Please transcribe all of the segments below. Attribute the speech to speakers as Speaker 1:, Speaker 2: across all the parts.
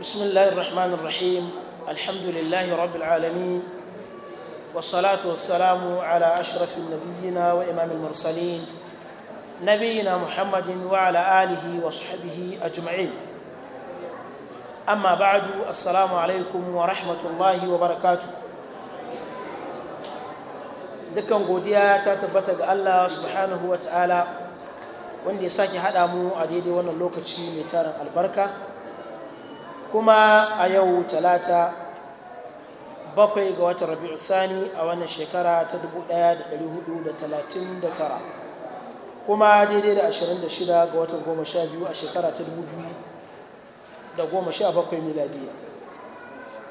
Speaker 1: بسم الله الرحمن الرحيم الحمد لله رب العالمين والصلاة والسلام على أشرف نبينا وإمام المرسلين نبينا محمد وعلى آله وصحبه أجمعين أما بعد السلام عليكم ورحمة الله وبركاته دكان قوديا تتبتق الله سبحانه وتعالى وندي ساكي هذا مو عديد وانا لوكتشي ميتارا البركة kuma a yau talata bakwai ga watan rabi'u sani a wannan shekara ta 1439 kuma daidai da 26 ga watan 12 a shekara ta 2017 miladiya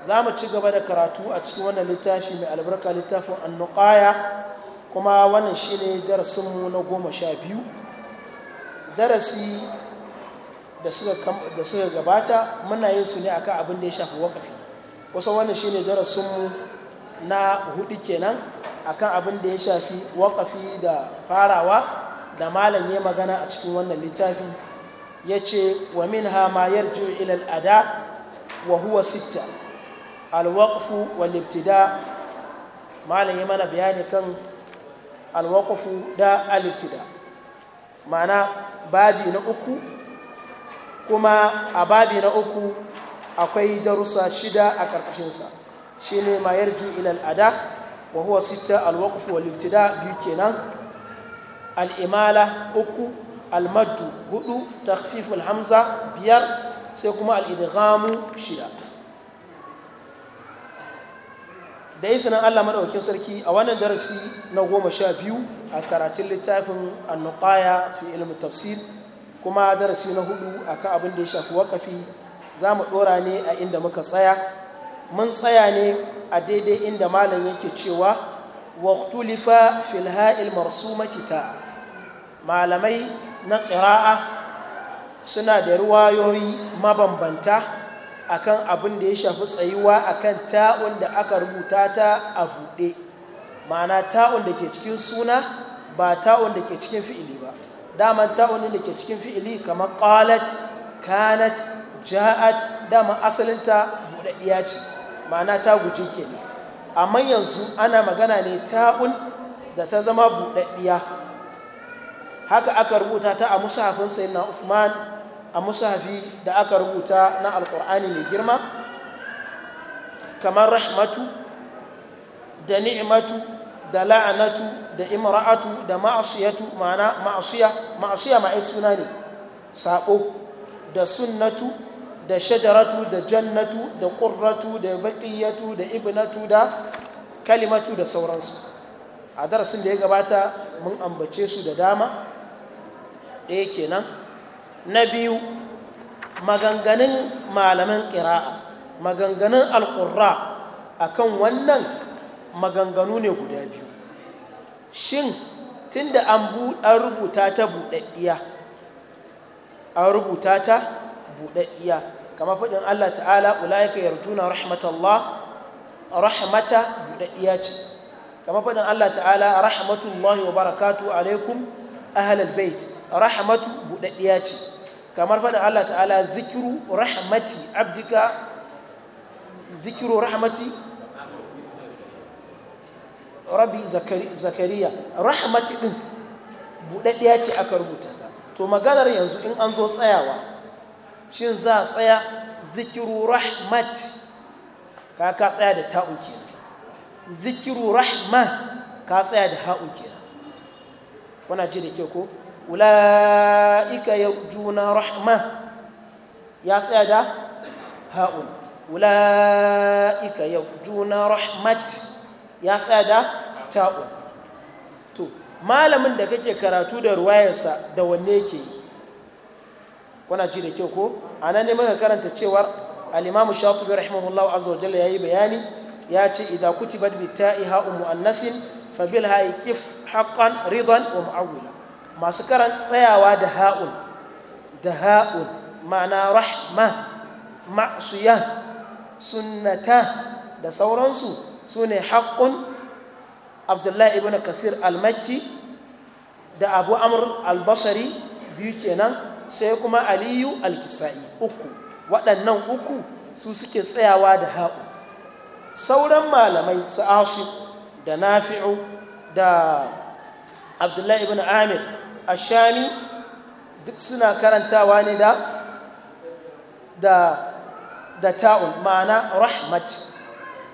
Speaker 1: za mu ci gaba da karatu a cikin wannan littafi mai albarka littafin annuƙaya kuma wannan shi ne darasinmu na 12 darasi da suka gabata muna yin su ne akan abin da ya shafi wakafi kusan wannan shine darasinmu na hudu kenan akan abin da ya shafi wakafi da farawa da malam ya magana a cikin wannan littafi ya ce wa min ha ma yar yarju ilal ada wa huwa sitta alwakafu wal ibtida malam ya mana bayani kan alwakafu da al ma'ana babi na uku kuma a babi na uku akwai darussa shida a ƙarƙashinsa shi ne ma yarju ilal ada wa huwa sita alwaqf wal ibtida biyu kenan al'imala uku almaddu hudu takhfiful hamza biyar sai kuma al'idghamu shida da izinin Allah maɗaukin sarki a wannan darasi na goma sha biyu a karatun littafin annuqaya fi ilmi tafsir kuma darasi na hudu ka abin da ya shafi wakafi za mu ɗora ne a inda muka tsaya mun tsaya ne a daidai inda malam yake cewa waktulifa filha'il marsuma makita malamai na kira'a suna da ruwayoyi mabambanta akan abin da ya shafi tsayuwa akan ta'un da aka rubuta ta a buɗe ma'ana ta'un da ke cikin suna ba ta'un da ke cikin fi'ili ba daman ta'unin da ke cikin fi'ili kamar ƙalat, kanat ja'at dama asalinta buɗaɗɗiya ce ma'ana ta guji ke ne amma yanzu ana magana ne ta'un da ta zama buɗaɗiya. haka aka rubuta ta a musahafin sayyidina usman a musahafi da aka rubuta na alƙur'ani mai girma kamar rahmatu da ni'matu da la'anatu da imra'atu da ma'asiyatu ma'ana ma'asiya ma'asiya ma'ai suna ne sabo da sunnatu da shajaratu da jannatu da ƙurratu da baƙiyatu da ibnatu da kalimatu da sauransu a darasin da ya gabata mun ambace su da dama ɗaya kenan na biyu maganganun malaman ƙira'a maganganun alƙurra a kan wannan maganganu ne guda biyu shin da an rubuta ta buɗaɗɗiya an rubuta ta buɗaɗɗiya kama faɗin Allah ta'ala ula'ika yarjuna rahmatallah rahmata buɗaɗɗiya ce kama faɗin Allah ta'ala rahmatullahi wa barakatu alaikum ahlal bait rahmatu buɗaɗɗiya ce kamar faɗin Allah ta'ala zikiru rahmati abdika zikiru rahmati rabi zakariya rahmati din buɗaɗɗiya ce aka rubuta ta to maganar yanzu in an zo tsayawa shin za a tsaya zikiru rahmat ka ka tsaya da ta'un zikiru rahma ka tsaya da ha'un wana ji da ke ko ula'ika juna rahma ya tsaya da ha'un ula'ika juna rahmat ya tsaya da ta'un to malamin da kake karatu da ruwayarsa da wanne ke kuna ji da kyau ko a nan ne muka karanta cewar al-imamu shatibi rahimahullahu azza wa jalla yayi bayani ya ce idza kutibat bi ta'i ha'u mu'annasin fa bil ha'i qif haqqan ridan wa mu'awwila masu karan tsayawa da ha'un da ha'un ma'ana rahma ma'siya sunnata da sauransu Sune haƙƙun abdullahi ibn kasir al-makki da abu amur al-basari biyu kenan sai kuma aliyu al-kisa'i uku waɗannan uku su suke tsayawa da haƙu sauran malamai su da nafi'u da abdullahi ibn amir ashami duk suna karantawa ne da da ta'un ma'ana rahmat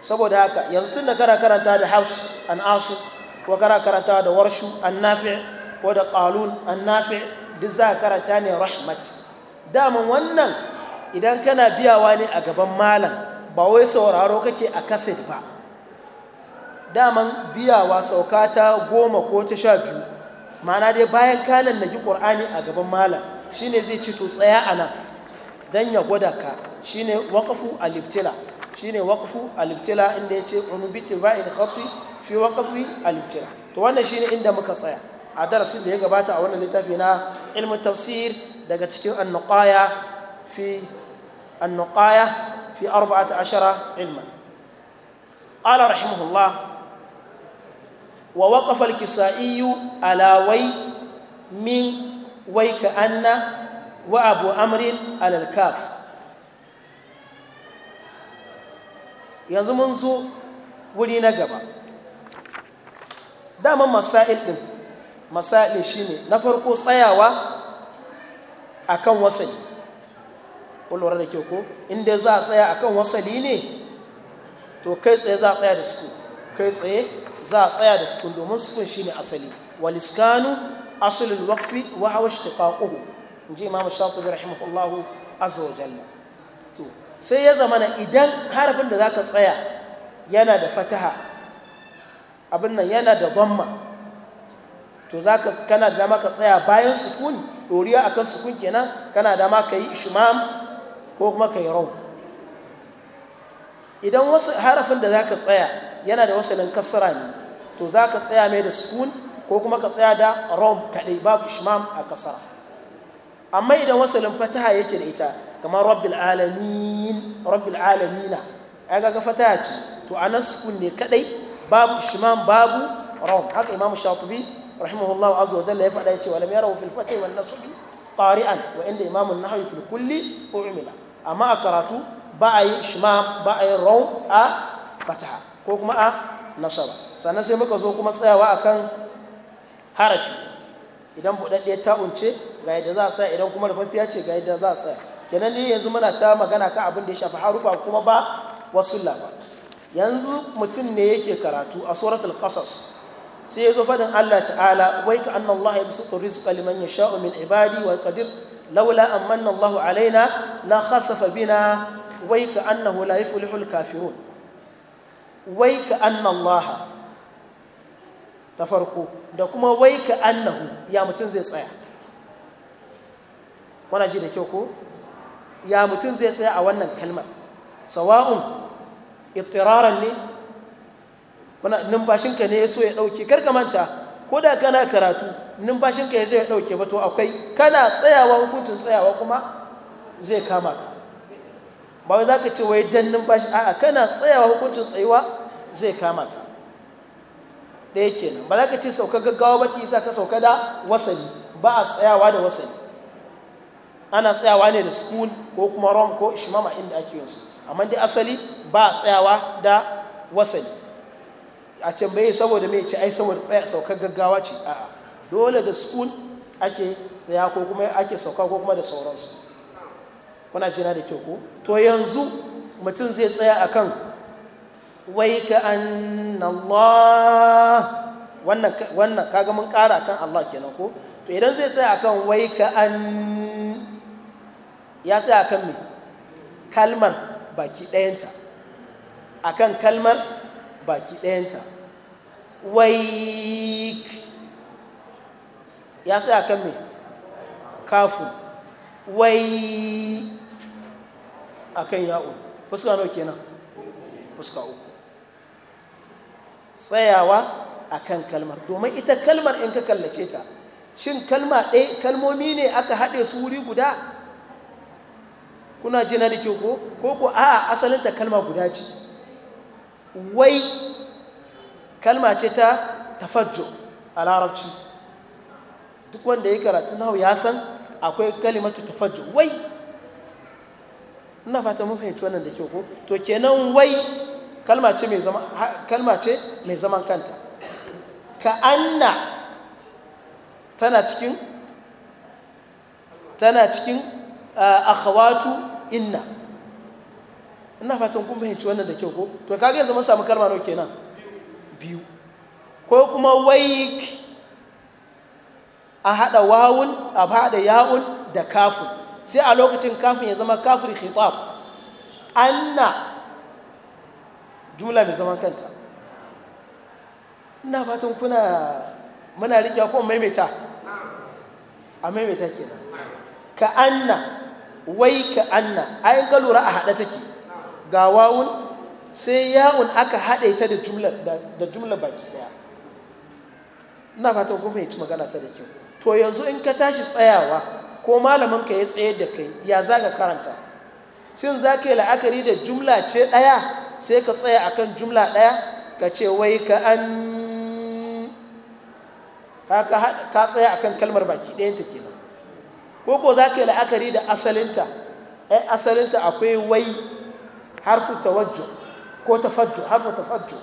Speaker 1: saboda haka yanzu tun da kara karanta da hafs an asu ko kara karanta da warshu an nafi ko da qalun an nafi duk za a karanta ne rahmat daman wannan idan kana biyawa ne a gaban malam ba wai sauraro kake a kasid ba daman biyawa sauka ta goma ko ta sha biyu ma'ana dai bayan kanan na ji ƙur'ani a gaban malam shine zai ci to tsaya a nan don ya gwada ka shine waƙafu a libtila shine waqfu al-ibtila inda yace unubi in khati fi waqfi al-ibtila to wannan shine inda muka tsaya a darasin da ya gabata a wannan littafi na ilmin tafsir daga cikin annuqaya fi annuqaya fi 14 ilman qala rahimahullah wa waqafa al-kisai ala wai min wai anna wa abu amrin al-kaf yanzu mun zo wuri na gaba daman masail din, masail shine na farko tsayawa a kan wasali ƙulwar da ke ko inda za a tsaya a kan wasali ne to kai tsaye za a tsaya da suku, kai tsaye za a tsaya da suku. domin sukun shine asali waliskanu asalin wakfi wa hawa shi ta in ji imamu shafi rahimahullahu azza wa jalla sai ya zamana idan harafin da zaka tsaya yana da fataha abin nan yana da dhamma to ka kana da dama ka tsaya bayan sukuni doriya akan sukun kenan kana da dama ka yi ishmam ko kuma ka yi rau idan wasu harafin da zaka tsaya yana da wasalin lankasara ne to za ka tsaya mai da sukun ko kuma ka tsaya da rom kaɗai babu ishmam a kasara amma idan wasalin fataha yake da ita kamar rabbil alamin rabbil alamina ai ga fata ce to a sukun ne kadai babu shimam babu rawm haka imamu shatibi rahimahullahu azza wa jalla ya fada cewa walam yarawu fil fatih wal nasbi qari'an wa inda imamun nahwi fil kulli umila amma a karatu ba a yi ba a yi rawm a fataha ko kuma a nasaba sannan sai muka zo kuma tsayawa akan harafi idan buɗaɗɗiyar ta'unce ga yadda za a sa idan kuma rufaffiya ce ga yadda za a sa kenan yanzu muna ta magana kan abin da ya shafi harufa kuma ba wasu ba yanzu mutum ne yake karatu a suratul qasas sai yazo fadin Allah ta'ala wai ka anna Allah yabsutu rizqa liman yasha'u min ibadi wa qadir laula amanna Allah alaina la khasafa bina wai ka annahu la yuflihu kafirun wai ka anna Allah ta farko da kuma wai ka annahu ya mutum zai tsaya wana ji da kyau ko ya mutum zai tsaya a wannan kalmar sawa'un iftiraran ne numfashinka ne ya so ya ɗauke karka manta ko da kana karatu numfashinka ya zai ya ɗauke ba to akwai kana tsayawa hukuncin tsayawa kuma zai kama ka ba wai za ka ce wai dan numfashi a'a kana tsayawa hukuncin tsayuwa zai kama ka ɗaya kenan ba za ka ce sauka gaggawa ba ki isa ka sauka da wasani ba a tsayawa da wasani ana tsayawa ne da spoon ko kuma rom ko shimama inda ake yin su amma dai asali ba tsayawa da wasali a can bai saboda mai ce ai saboda tsaya saukar gaggawa ce a'a dole da spoon ake tsaya ko kuma ake sauka ko kuma da sauransu kuna jina da kyau ko to yanzu mutum zai tsaya akan wai ka annallah wannan kaga mun kara kan Allah kenan ko to idan zai tsaya akan wai ka ya sai akan me kalmar baki ɗayanta akan kalmar baki ɗayanta waik ya sai akan me kafin wai akan ya'u fuska nawa kenan fuska uku tsayawa akan kalmar domin ita kalmar in ka kallace ta shin kalma ɗaya kalmomi ne aka haɗe su wuri guda kuna jina da ke ko ko ko a asalin ta kalma guda ce wai kalma ce ta tafajjo a larabci duk wanda ya karatu na ya san akwai kalimatu tafajjo wai ina fata mun fahimci wannan da ke ko to kenan wai kalma ce mai zama kalma ce mai zaman kanta ka anna tana cikin tana cikin ah, akhawatu inna ina fatan kun fahimci wannan da kyau ko to kaga yanzu mun samu kalma nawa kenan biyu ko kuma waik a hada wawun a hada ya'un da kafin sai a lokacin kafin ya zama kafir khitab anna jumla mai zaman kanta ina fatan kuna muna riƙe ko maimaita a maimaita kenan ka anna wai ka anna ai ga lura a haɗa take ga wawun sai ya'un aka haɗe ta da jumla da jumla baki ɗaya ina fata kuma fahimci ci magana ta da kyau to yanzu in ka tashi tsayawa ko malamin ka ya tsayar da kai ya zaga karanta shin za ka yi la'akari da jumla ce ɗaya sai ka tsaya akan jumla ɗaya ka ce wai ka an ka tsaya akan kalmar baki ɗayanta kenan ko ko za ka yi la'akari da asalinta ai eh, asalinta akwai wai harfu tawajju ko tafajju harfu tafajju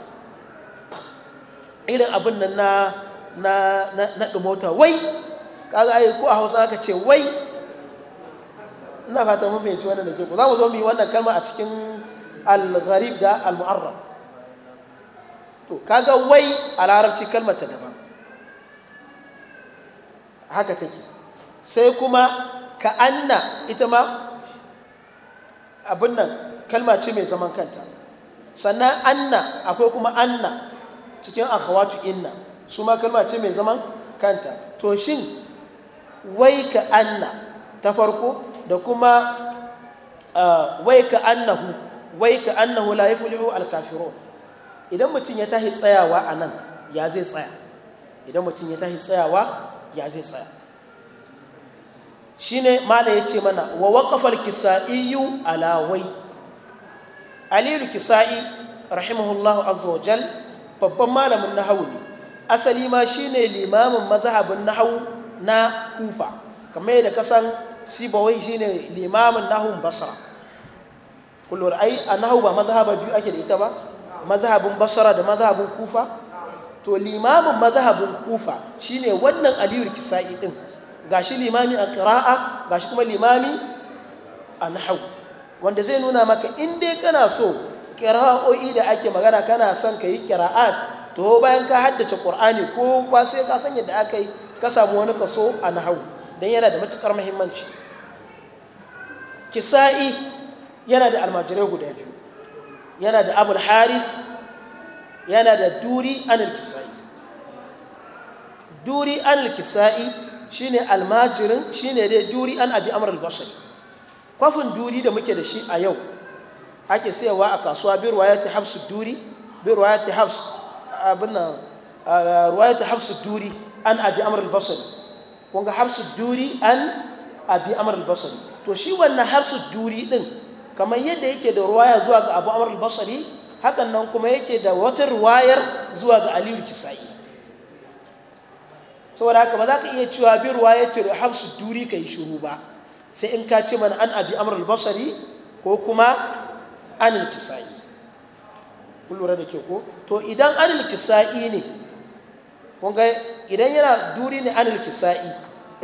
Speaker 1: irin abin nan na na na dumota wai kaga ai ko a Hausa ka ce wai ina fata mun fahimci wannan da ke ku za mu zo mu yi wannan kalma a cikin al-gharib da al-mu'arrab to kaga wai a larabci kalmar ta daban haka take sai kuma ka'anna anna ita ma abin nan kalma ce mai zaman kanta sannan anna akwai kuma anna cikin akhawatu inna su ma kalma ce mai zaman kanta to shin wai ka ta farko da kuma wai ka annahu wai ka annahu la yaflihu alkafiro, idan mutum ya tahi tsayawa a nan ya zai tsaya idan mutum ya tahi tsayawa ya zai tsaya shine malam ya ce mana wa waqafal kisaiyu ala wai aliyu kisai rahimahullahu azawajal babban malamin hau ne asali ma shine limamin mazhabin nahawu na kufa kamar yadda kasan sibawai shine limamin nahawun basra kullum ai a hau ba mazhaba biyu ake da ita ba mazhabin basara da mazhabin kufa to limamin mazhabin kufa shine wannan aliyu kisa'i din gashi limami a ƙira'a gashi kuma limami a nahau wanda zai nuna maka inda dai kana so ƙira'o'i da ake magana kana son ka yi ƙira'at to bayan ka haddace ƙur'ani ko ba sai ka san yadda aka yi ka samu wani kaso a nahau don yana da matuƙar muhimmanci kisa'i yana da almajirai guda biyu yana da abul haris yana da duri anil kisa'i duri anil kisa'i shine almajirin shine dai duri an abi amr al kwafin duri da muke da shi a yau ake sayarwa a kasuwa bi ruwayati hafsu duri bi ruwayati hafs abin nan ruwayati duri an abi amr al-bashari kun ga hafsu duri an abi amr al to shi wannan hafsu duri din kamar yadda yake da ruwaya zuwa ga abu amr al hakan nan kuma yake da wata ruwayar zuwa ga aliyu kisa'i saboda haka ba za ka iya cewa bi ruwayatul habsu duri kai shiru ba sai in ka ce mana an abi amrul basari ko kuma an kisai kun lura ke ko to idan an kisai ne kun ga idan yana duri ne an kisai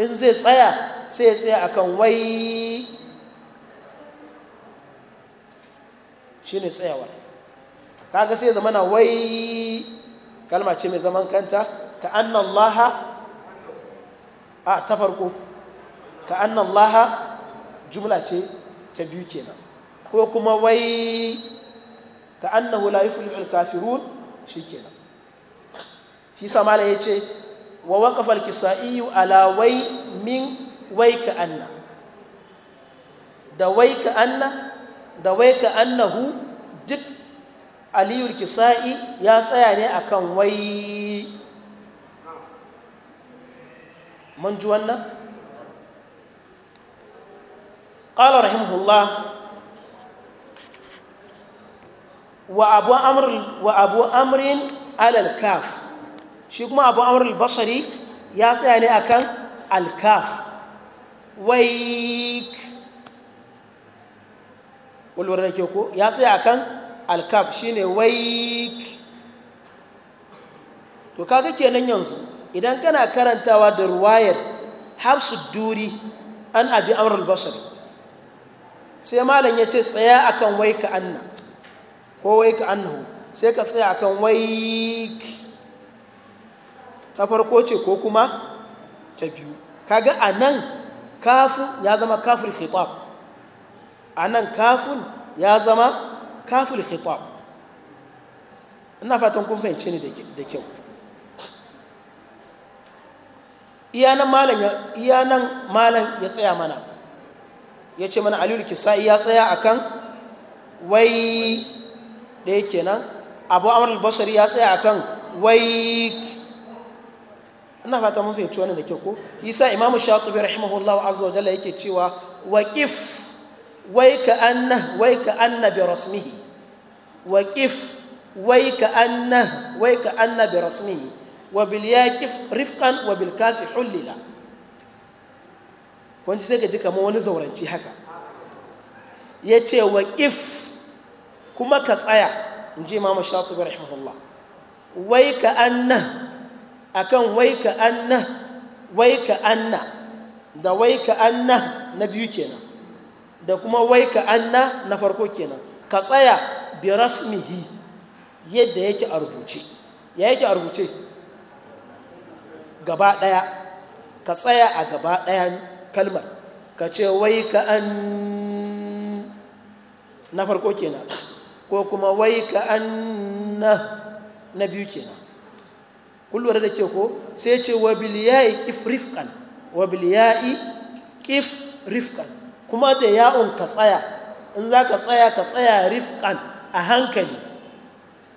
Speaker 1: in zai tsaya sai ya tsaya akan wai shine tsayawa kaga sai zamana wai kalma ce mai zaman kanta ka annallaha a ta farko ka annan laha jumla ce ta biyu kenan ko kuma wai ka annahu la yuflihul kafirun shikenan shi sa mala yace wa waqafa al-kisai ala wai min wai ka anna da wai ka anna da wai ka annahu duk aliyul kisai ya tsaya ne akan wai mun ji wannan qala rahimahullah wa abu amr wa abu amrin alal kaf shi kuma abu amr basari ya tsaya ne akan al-kaf waik walwar da ke ko ya tsaya akan al-kaf shine waik to kaga kenan yanzu idan kana karantawa da ruwayar hafsu duri an abi amrul basari sai malam ya ce tsaya akan wai ka anna ko wai ka annahu sai ka tsaya akan wai ta farko ce ko kuma ta biyu kaga a nan kafin ya zama kafin khitab a nan kafin ya zama kafin khitab ina fatan kun fahimce ni da kyau iyanan malam ya malam ya tsaya mana ya ce mana aliyu kisa ya tsaya akan wai da yake nan abu amur al ya tsaya akan wai ina fata mun fahimci wani da ke ko isa imam shatibi rahimahullahu azza wa jalla yake cewa waqif wai ka anna wai ka anna bi rasmihi waqif wai ka anna wai ka anna bi rasmihi Wabil ya yaqif rifqan kafi hulila wani sai ka ji kama wani zauranci haka ya ce wa ƙif kuma ka tsaya in ji imam shatubi rahimahullah wai ka anna akan wai ka anna wai ka anna da wai ka anna na biyu kenan da kuma wai ka anna na farko kenan ka tsaya bi rasmihi yadda yake a rubuce ya yake a rubuce gaba ɗaya ka tsaya a gaba ɗayan kalmar ka ce wai ka an na farko kenan ko kuma wai ka an na na biyu kenan kullum da ke ko sai ce wa biliyayi kif rifkan wa biliyayi kif rifkan kuma da ya'un ka tsaya in za ka tsaya ka tsaya rifkan a hankali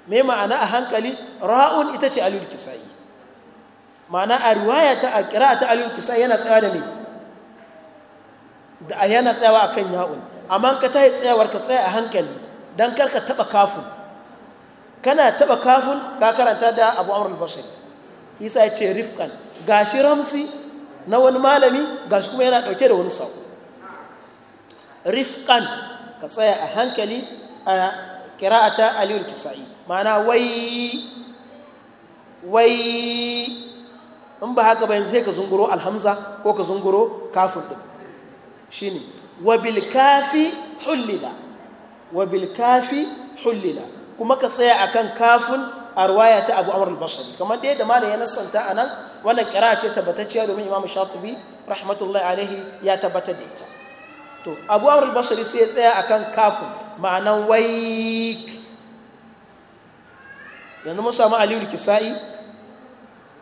Speaker 1: me ma'ana a hankali ra'un ita ce alul kisa'i ma'ana a riwaya ta a kira ta Aliyu kisa yana tsayawa da me da yana tsayawa kan ya'un amma ka yi tsayawar ka tsaya a hankali Don kar ka taba kafin kana taba kafin ka karanta da Abu Amr al Isa ya ce rifkan gashi ramsi na wani malami gashi kuma yana dauke da wani sau. rifkan ka tsaya a hankali a kira ta Aliyu kisa'i ma'ana wai wai in ba haka ba yanzu sai ka zunguro alhamza ko ka zunguro kafin din shine wa bil hullila wa hullila kuma ka tsaya akan kafin a ruwaya ta Abu Amr al-Basri kamar da malam ya nassanta anan wannan qira'a ce tabbatacciya domin Imam Shatibi rahmatullahi alaihi ya tabbatar da ita to Abu Amr al-Basri sai ya tsaya akan kafin ma'anan waik yanzu mun samu Aliyu kisai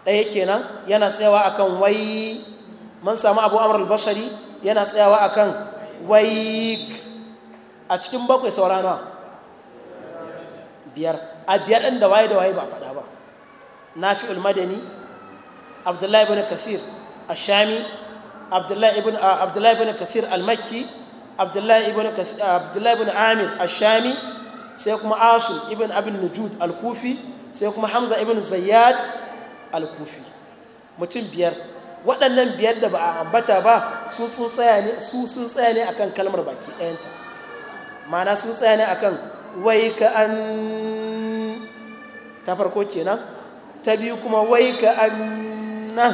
Speaker 1: ɗaya kenan yana tsayawa akan wai mun samu abu amr al-bashari yana tsayawa akan wai a cikin bakwai saurana biyar a biyar ɗin da waye da waye ba faɗa ba na nafi ulmadani abdullahi ibn kasir a shami abdullahi ibn kasir al-makki abdullahi ibn kasir a shami sai kuma asim ibn abin nujud al-kufi sai kuma hamza ibn zayyad alkufi mutum biyar waɗannan biyar da ba a ambata ba su sun tsaya ne su sun kalmar baki ɗayanta ma'ana sun tsaya ne akan wai ka an ta farko kenan ta biyu kuma wai ka an na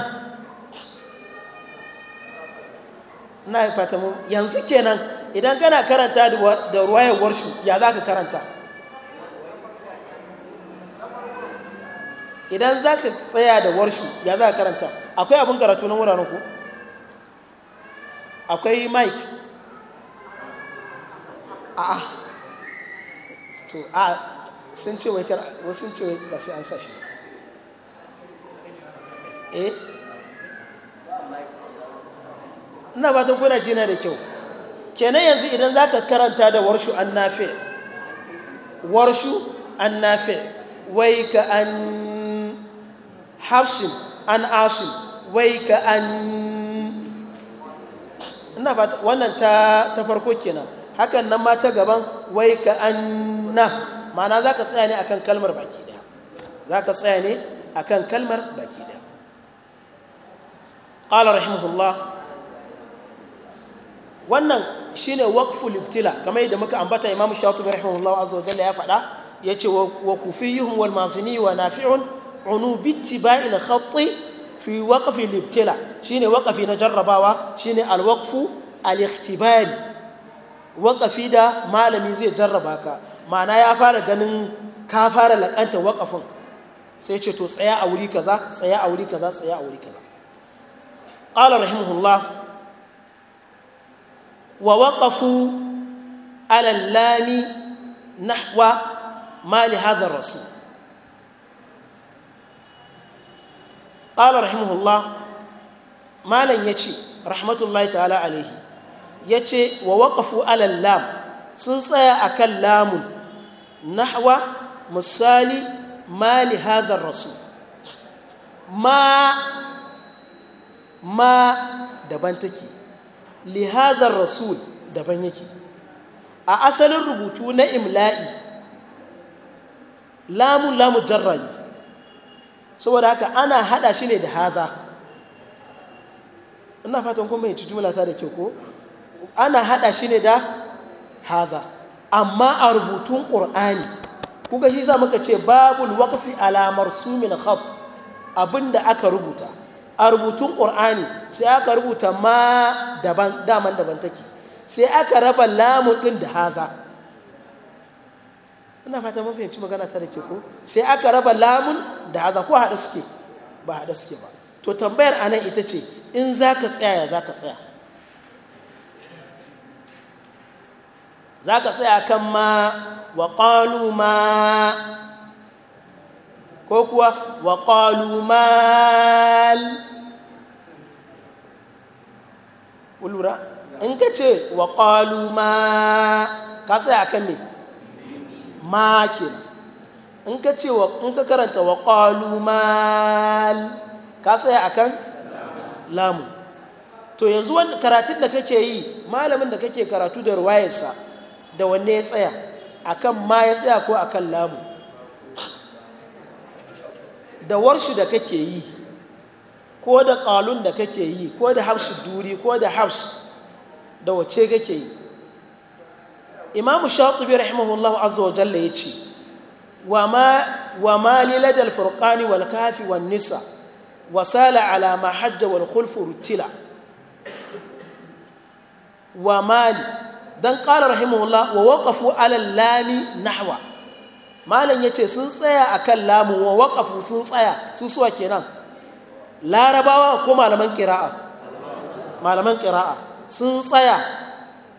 Speaker 1: na fata mu yanzu kenan idan kana karanta da ruwayar warshu ya za ka karanta idan za ka tsaya da warshu ya za karanta akwai abin karatu na wuraren ku akwai mike a'a to a sun ce wai sun ce wai ba sai an sa shi eh ina fatan kuna jina da kyau kenan yanzu idan za ka karanta da warshu an nafe warshu an nafe wai ka an hafsin an asim wai ka an wannan ta farko kenan hakan nan ma ta gaban wai ka an na ma'ana za ka tsaya ne kan kalmar baki da za ka tsaya ne kan kalmar baki da قال رحمه الله wannan ne waqful ibtila kamar yadda muka ambata imam shatibi rahimahullahu azza wa jalla ya faɗa yace wa kufiyuhum wal mazini wa nafi'un عنو باتباع الخط في وقف الابتلاء شيني وقفي نجرباوا شيني الوقف الاختبال وقفي دا ما لم يزي جرباكا ما معنى يفار قمن كافار أنت وقف سيشتو سياء أولي كذا سياء أولي كذا سياء أولي كذا قال رحمه الله ووقفوا على اللام نحو مال هذا الرسول ƙala rahimahullah malam ya ce rahmatullahi ta'ala alaihi ya ce wa waƙafu alal lam sun tsaya a kan lamun nahwa misali mali hadar rasul ma ma daban take daban yake a asalin rubutu na imla'i lamun lamun jarra ne saboda haka ana hada shi ne da haza ina fatan kuma yi cikin mulata da ke ko ana hada shi ne da haza amma a rubutun ƙur'ani kuka shi sa muka ce babul waƙafi alamar sumin khat abinda aka rubuta a rubutun ƙur'ani sai aka rubuta ma daban daman daban take sai aka raba lamun ɗin da haza ina fata mun fahimci magana ta da ke ko sai aka raba lamun da haza ko haɗa suke ba haɗa suke ba to tambayar anan ita ce in za ka tsaya ya za ka tsaya za ka tsaya kan ma wa ƙalu ma ko kuwa wa ƙalu mal ƙulura in ka ce wa ƙalu ma ka tsaya kan me ma kenan in ka ce in ka karanta wa ƙwalu mal ka tsaya akan lamu to yanzu wani karatun da kake yi malamin da kake karatu da ruwayarsa da wanne ya tsaya akan ma ya tsaya ko akan lamu da warshi da kake yi ko da ƙwalun da kake yi ko da hafsu duri ko da hafsu da wace kake yi imamu shatibi rahimahullahu azza wa jalla ya ce wa ma liladal furqani wal kafi wan nisa wa sala ala ma hajja wal khulfu rutila wa mali dan qala rahimahullah wa waqafu ala lami nahwa malam yace sun tsaya akan lamu wa waqafu sun tsaya su suwa kenan larabawa ko malaman qira'a malaman qira'a sun tsaya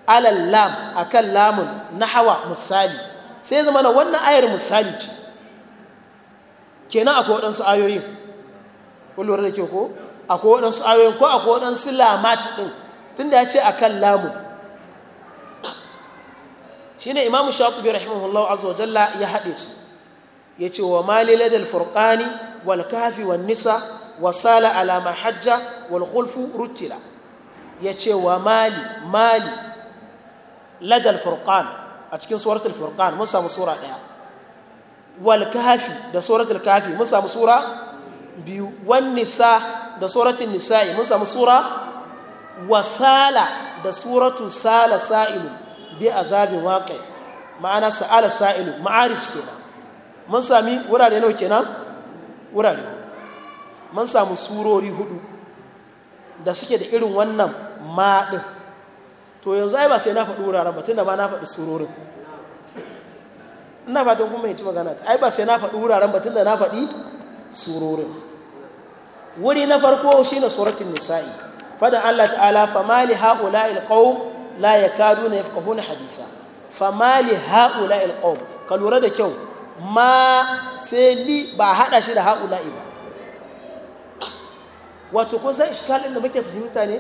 Speaker 1: alal lam akan lamun nahawa misali sai zama na wannan ayar misali ce kenan akwai waɗansu ayoyin kullum da ke ko akwai waɗansu ayoyin ko akwai waɗansu lamat ɗin tunda ya ce akan lamun shine imamu shatubi rahimahullahu azza ya haɗe su ya ce wa mali ladal furqani wal kafi wan nisa wa sala ala mahajja wal khulfu rutila ya ce wa mali mali ladal furqan a cikin suratul Furkan mun samu sura daya wal kahfi da suratul kahfi mun samu sura biyu nisa da suratul nisa'i mun samu sura wasala da suratul sala sa'ilu bi azabin waqi ma'ana sa'ala sa'ilu ma'arij kenan mun sami wurare nawa kenan wurare mun samu surori hudu da suke da irin wannan ma to yanzu ai ba sai na faɗi wuraren ba tunda ba na faɗi surorin ina fatan kuma yanci magana ta ai ba sai na faɗi wuraren ba tunda na faɗi surorin wuri na farko shi shine suratul nisa'i fadan Allah ta'ala famali ha'ula'il qaum la yakaduna yafqahuna hadisa famali ha'ula'il qaum ka lura da kyau ma sai li ba haɗa shi da ha'ula'i ba wato kun san iskalin da muke fahimta ne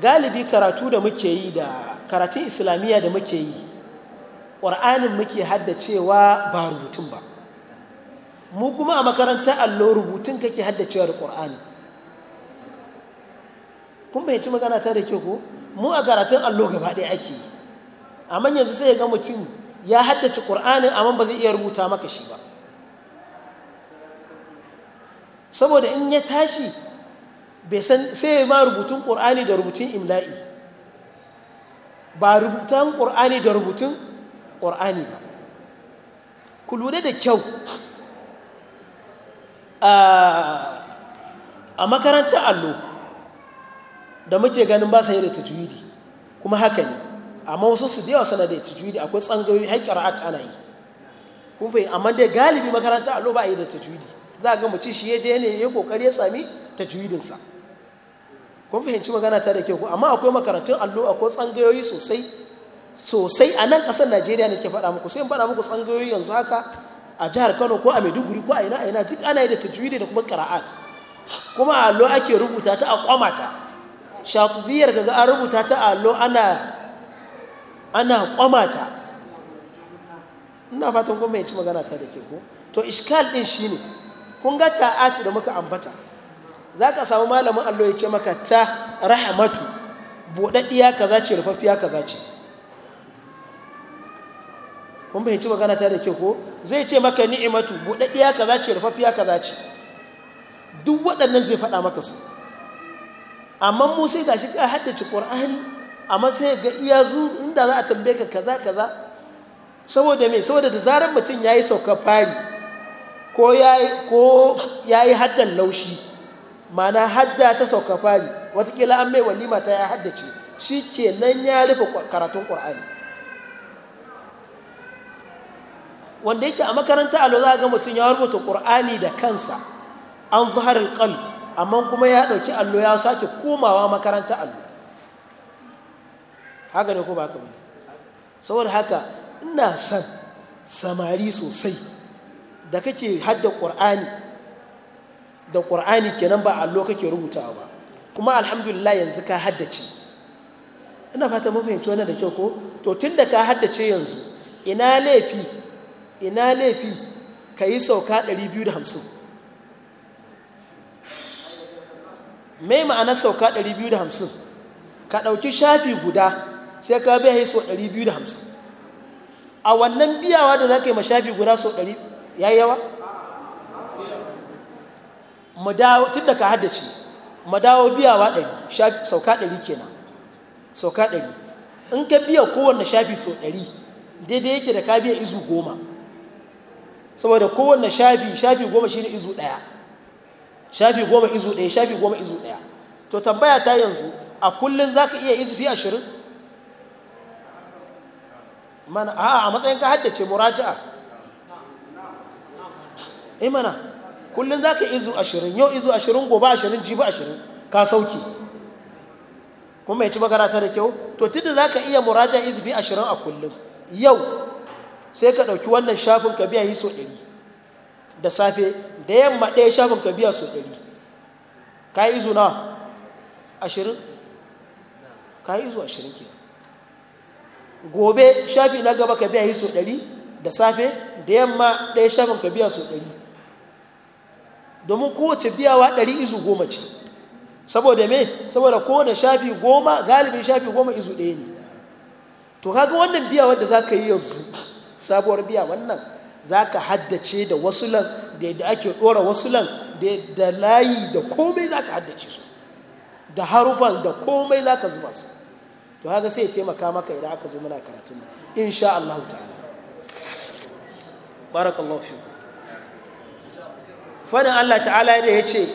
Speaker 1: galibi karatu da muke yi da karatun islamiyya da muke yi ƙwar'anin muke haddacewa ba rubutun ba mu kuma a makarantar allo rubutun kake haddacewa da ƙwar'anin kun bayyanci magana ta da ke ko mu a karatun allo gaba ɗaya ake yi amma yanzu sai ga mutum ya haddace ƙwar'anin amma ba zai iya rubuta maka shi ba saboda in ya tashi bai san sai ma rubutun ƙor'ani da rubutun imla'i ba rubutan ƙor'ani da rubutun ƙor'ani ba ku lura da kyau a makarantar allo da muke ganin ba sa yi da tajwidi kuma haka ne amma wasu su da yawa sana da tajwidi akwai tsangayoyi haikara a ana yi kun amma dai galibi makarantar allo ba a yi da tajwidi za a ga ci shi ya je ne ya kokari ya sami tajwidinsa kun fahimci magana ta da ke ku amma akwai makarantun allo akwai tsangayoyi sosai sosai a nan ƙasar najeriya ne ke faɗa muku sai in faɗa muku tsangayoyi yanzu haka a jihar kano ko a maiduguri ko a ina ina duk ana yi da tajwidi da kuma Kara'at. kuma a allo ake rubuta ta a kwamata shatubiyar kaga an rubuta ta a allo ana ana kwamata ina fatan kun fahimci magana ta da ke ku to iskal ɗin shine kun ga ta'at da muka ambata za ka samu malamin allo ya ce maka ta rahamatu buɗaɗɗiya za ce rufaffiya za ce kun fahimci magana ta da ke ko zai ce maka ni'imatu buɗaɗɗiya za ce rufaffiya za ce duk waɗannan zai faɗa maka su amma mu sai shi ka haddace ƙur'ani amma sai ga iya zu inda za a tambaye ka kaza kaza saboda me saboda da zarar mutum ya yi sauka fari ko ya yi haddan laushi mana hadda ta sauka fari watakila an mai walima ta ya haddace shi ke nan ya rufe karatun ƙur'ani wanda yake a makaranta alo za a ga mutum ya rubuta ƙur'ani da kansa an zuharar ƙal amma kuma ya ɗauki allo ya sake komawa makaranta allo haka ne ko ba ka ba saboda haka ina son samari sosai da kake hadda ƙur'ani da ƙur'ani kenan ba allo kake rubutawa ba kuma alhamdulillah yanzu ka haddace ina fata mun fahimci wannan da kyau ko to tun da ka haddace yanzu ina laifi ina laifi ka yi sauka 250 mai ma'ana sauka 250 ka ɗauki shafi guda sai ka biya sau 250 a wannan biyawa da za ka yi ma shafi guda sau 100 ya yawa tun da ka haddace ma dawo biyawa ɗari sauka ɗari kenan sauka ɗari in ka biya kowanne shafi sau ɗari daidai yake da ka biya izu goma saboda kowanne shafi shafi goma shine izu ɗaya shafi goma izu ɗaya shafi goma izu ɗaya to tambaya ta yanzu a kullum za ka iya izu fi ashirin mana a matsayin ka haddace muraja'a imana eh, kullum za ka izu ashirin yau izu ashirin gobe ashirin jibi ashirin ka sauki kuma mai ci makarata da kyau to tunda za ka iya muraja izufi ashirin a kullum yau sai ka ɗauki wannan shafin ka biya yi so ɗari da safe da yamma ɗaya shafin ka biya so ɗari ka yi izu na ashirin ka yi izu ashirin kenan gobe shafi na gaba ka biya yi so ɗari da safe da yamma ɗaya shafin ka biya so ɗari domin kowace biyawa ɗari izu goma ce saboda me saboda kowane shafi goma galibin shafi goma izu ɗaya ne to kaga wannan biya wadda za ka yi yanzu sabuwar biya wannan za ka haddace da wasulan da yadda ake ɗora wasulan da layi da komai za ka haddace su da harufan da komai za ka zuba su to haka sai ya taimaka maka idan aka zo mana karatun nan insha Allah ta'ala barakallahu fiku fadin Allah ta'ala da ya ce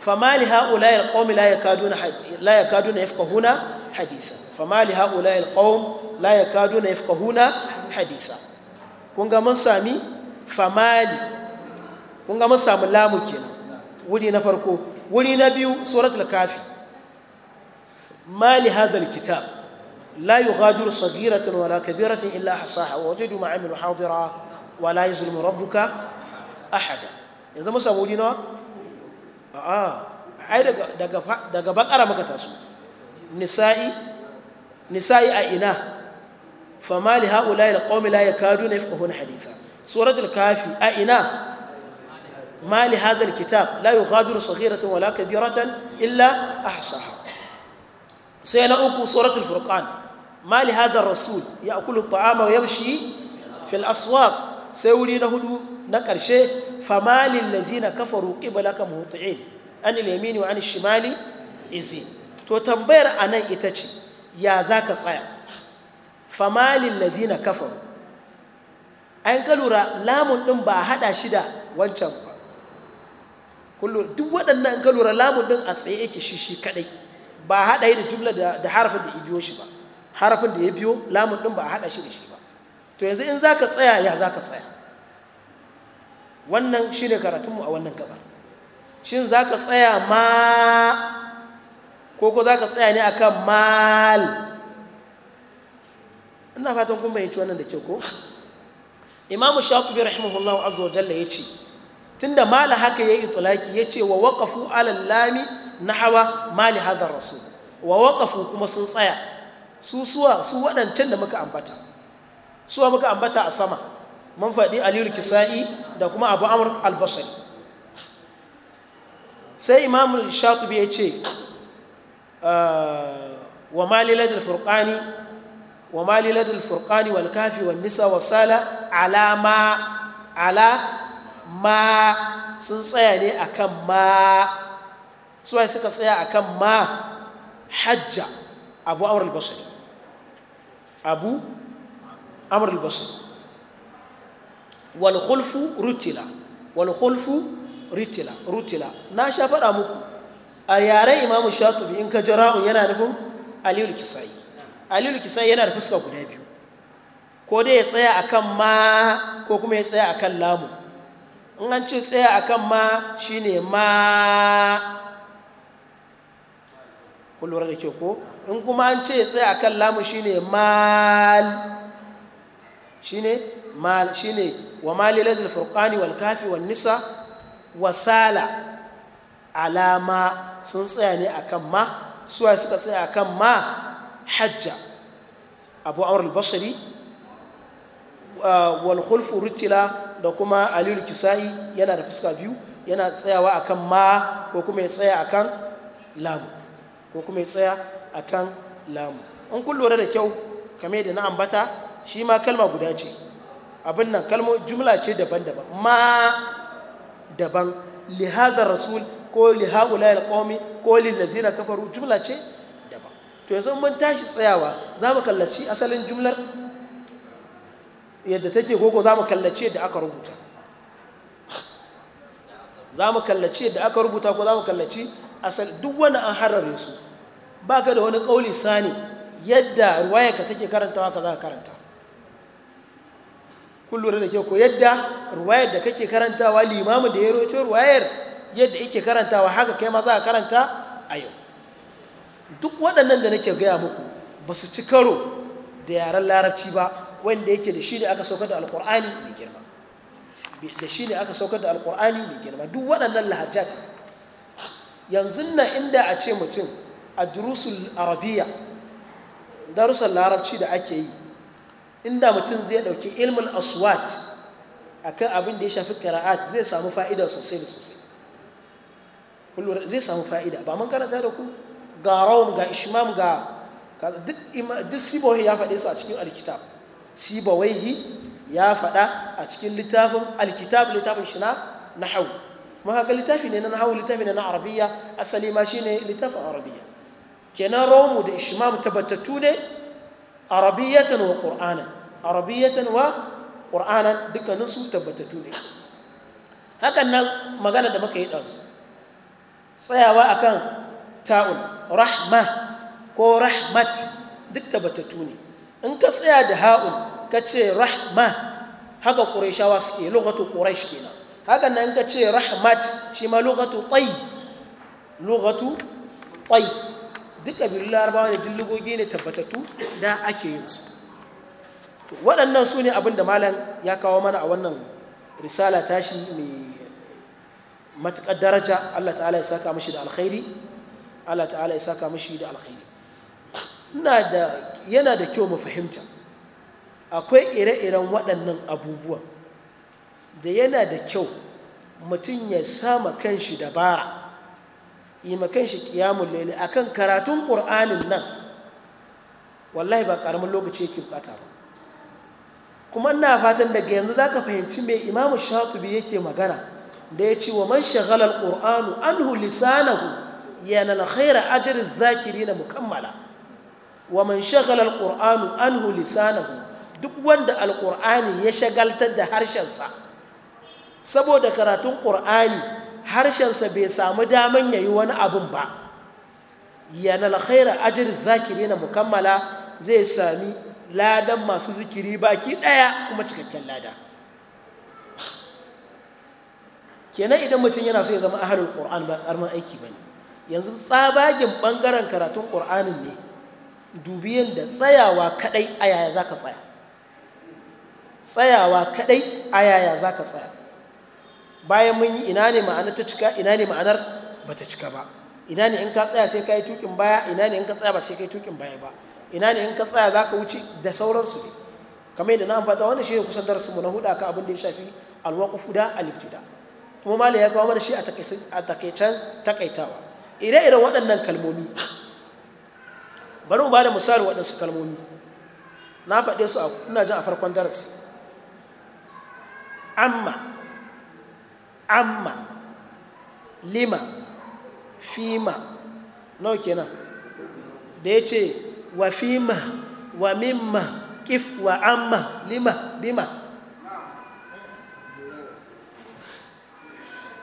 Speaker 1: fama li ha'ulai alqawmi la yakaduna la yakaduna yafqahuna hadisa fama li ha'ulai alqawm la yakaduna yafqahuna hadisa kun ga mun sami famali kun ga mun sami lamu kenan wuri na farko wuri na biyu suratul kafi mali hadal kitab لا يغادر صغيرة ولا كبيرة إلا حصاها ووجدوا ما عملوا حاضرا ولا يظلم ربك أحدا إذا ما سأقولي نوع آه هاي دعا دعا دعا بقى أرا مكتاسو نسائي نسائي أئنا فما لهؤلاء القوم لا يكادون يفقهون حديثا سورة الكافي أئنا ما لهذا الكتاب لا يغادر صغيرة ولا كبيرة إلا أحصاها سينا سورة الفرقان ما لهذا الرسول يأكل الطعام ويمشي في الأسواق sai wuri na hudu na ƙarshe famalin lazina kafaru ƙibalaka mutu'in an ilimini wa an shimali izi to tambayar a nan ita ce ya za ka tsaya famalin lazina kafaru an ka lura lamun ɗin ba a haɗa shi da wancan ba duk waɗannan ka lura lamun ɗin a tsaye yake shi shi kaɗai ba a haɗa yi da jumla da harafin da ya biyo shi ba harafin da ya biyo lamun ɗin ba a haɗa shi da shi ba to yanzu in za ka tsaya ya za ka tsaya wannan shi ne karatunmu a wannan gaba shin za ka tsaya ma ko ko za ka tsaya ne akan mal ina fatan kun bayyanci wannan da ke ko imamu shafi rahimahullahu azza wa jalla ya ce tun da mala haka ya yi itulaki ya ce wa waƙafu alallami na hawa mali hadar rasu wa waƙafu kuma sun tsaya su suwa su waɗancan da muka ambata suwa muka ambata a sama man faɗi aliyu kisa'i da kuma abu amur albasari sai imamul shatubi ya ce ah, wa maliladul furqani wa maliladul furqani wal kafi wa nisa wa sala ala ma sun tsaya ne akan ma suwaye suka tsaya akan ma hajja abu amur albasari abu amr al basr wal khulfu rutila wal khulfu rutila rutila na sha fada muku a yaren imamu shatubi in ka jira'un yana nufin aliyu kisai aliyu kisai yana da fuska guda biyu ko dai ya tsaya akan ma ko kuma ya tsaya akan lamu in an ce tsaya akan ma shine ma kun da ke ko in kuma an ce ya tsaya akan lamu shine mal shine mal shine wa maliladul furqani wal kafi wan nisa wasala alama sun tsaya ne akan ma suwa suka tsaya akan ma hajja abu amr al-bashri wal khulf rutila da kuma aliyu kisai yana da fuska biyu yana tsayawa akan ma ko kuma ya tsaya akan lamu ko kuma ya tsaya akan lamu in kun lura da kyau kamar da na ambata shi ma kalma guda ce abin nan kalmo jumla ce daban-daban ma daban lihadar rasul ko lihaulai alqawmi ko lillazina kafaru jumla ce daban to yanzu mun tashi tsayawa za mu kallaci asalin jumlar yadda take koko za mu kallaci yadda aka rubuta za mu kallaci yadda aka rubuta ko za mu kallaci asali duk wani an harare su ba ka da wani ƙauli sani yadda ruwayarka take karantawa ka za ka karanta Kullum da ke ko yadda ruwayar da kake karantawa limamin da ya roce ruwayar yadda yake karantawa haka kai ma za ka karanta a yau duk waɗannan da nake gaya muku ba su ci karo da yaren larabci ba wanda yake da shi ne aka saukar da alkur'ani mai girma da shi ne aka saukar da alkur'ani mai girma duk waɗannan lahajjat yanzu nan inda a ce mutum a durusul arabiya darussan larabci da ake yi inda mutum zai ɗauki ilmul aswat akan abin da ya shafi qira'at zai samu fa'ida sosai da sosai kullu zai samu fa'ida ba mun karanta da ku ga rawm ga ishmam ga duk duk sibawai ya faɗe su a cikin alkitab sibawai ya faɗa a cikin littafin alkitab littafin shi na nahwu kuma haka littafi ne na nahwu littafi ne na arabiya asali ma shine littafin arabiya kenan rawmu da ishmam tabbatattu ne arabiyatan wa qur'anan arabiyatan wa qur'anan dukkanin su tabbatattu ne hakan nan magana da muka yi ɗansu tsayawa akan ta'un rahma ko rahmat duk tabbatattu ne in ka tsaya da ha'un ka ce rahma haka ƙurayshawa suke lokacin ƙuraysh kenan hakan nan ka ce rahmat shi ma lokacin ƙwai lokacin ƙwai duk ƙabilun larabawa ne duk ne tabbatattu da ake yin su waɗannan su ne abin da malam ya kawo mana a wannan risala tashi mai matuƙar daraja allah ta'ala ya saka mashi da alkhairi allah ta'ala ya saka mashi da alkhairi yana da kyau mu fahimta akwai ire-iren waɗannan abubuwan da yana da kyau mutum ya sama kanshi dabara yi makan shi ƙiyamun laili a kan karatun ƙur'anin nan wallahi ba ƙaramin lokaci yake bukata ba kuma ina fatan daga yanzu za ka fahimci mai imamu shatubi yake magana da ya ce wa man shagalar ƙur'anu anhu lisanahu yana na khaira ajirin zakiri na mukammala wa man shagalar ƙur'anu anhu lisanahu duk wanda alƙur'ani ya shagaltar da harshensa saboda karatun ƙur'ani harshensa bai samu daman yayi wani abin ba yana alkhaira ajir zakiri na mukammala zai sami ladan masu zikiri baki daya kuma cikakken lada kenan idan mutum yana so ya zama ahlul qur'an ba aiki ne yanzu tsabagen bangaren karatun ƙoranin ne dubiyan da tsayawa kadai a yaya zaka tsaya tsayawa kadai a yaya zaka tsaya bayan mun yi ina ne ma'ana ta cika ina ne ma'anar ba ta cika ba ina ne in ka tsaya sai ka yi tukin baya ina ne in ka tsaya ba sai ka yi tukin baya ba ina ne in ka tsaya za ka wuce da sauransu ne kamar yadda na amfata wanda shi kusan darasin mu na huda ka abin da ya shafi alwakufu da alibtida kuma malam ya kawo mana shi a takaicen takaitawa ire-iren waɗannan kalmomi bari mu ba da misali waɗansu kalmomi na faɗe su ina jin a farkon darasi amma amma lima fima nawa kenan da ya ce wa fima wa mimma kif wa amma lima bima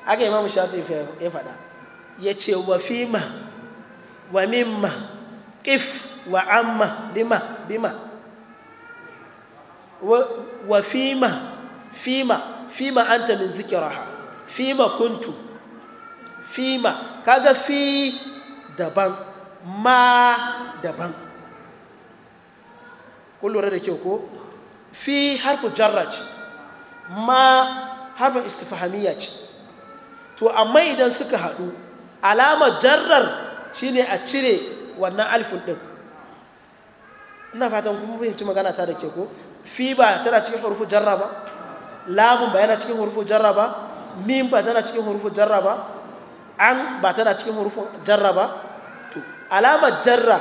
Speaker 1: aka imamu shafi ya fada ya ce wa fima wa mimma kif wa amma lima bima wa fima fima fima anta min zikiraha fima kuntu fima kaga fi daban ma daban kun da kyau ko fi harfu jarraj ma harfu istifahamiya ce to amma idan suka haɗu alama jarrar shine a cire wannan alfin ɗin ina fatan kuma fahimci magana ta da ke ko fi ba tana cikin harfu jarra ba lamun ba yana cikin harfu jarra ba min ba tana cikin hurufin jarra ba an ba tana cikin hurufin jarra ba to alamar jarra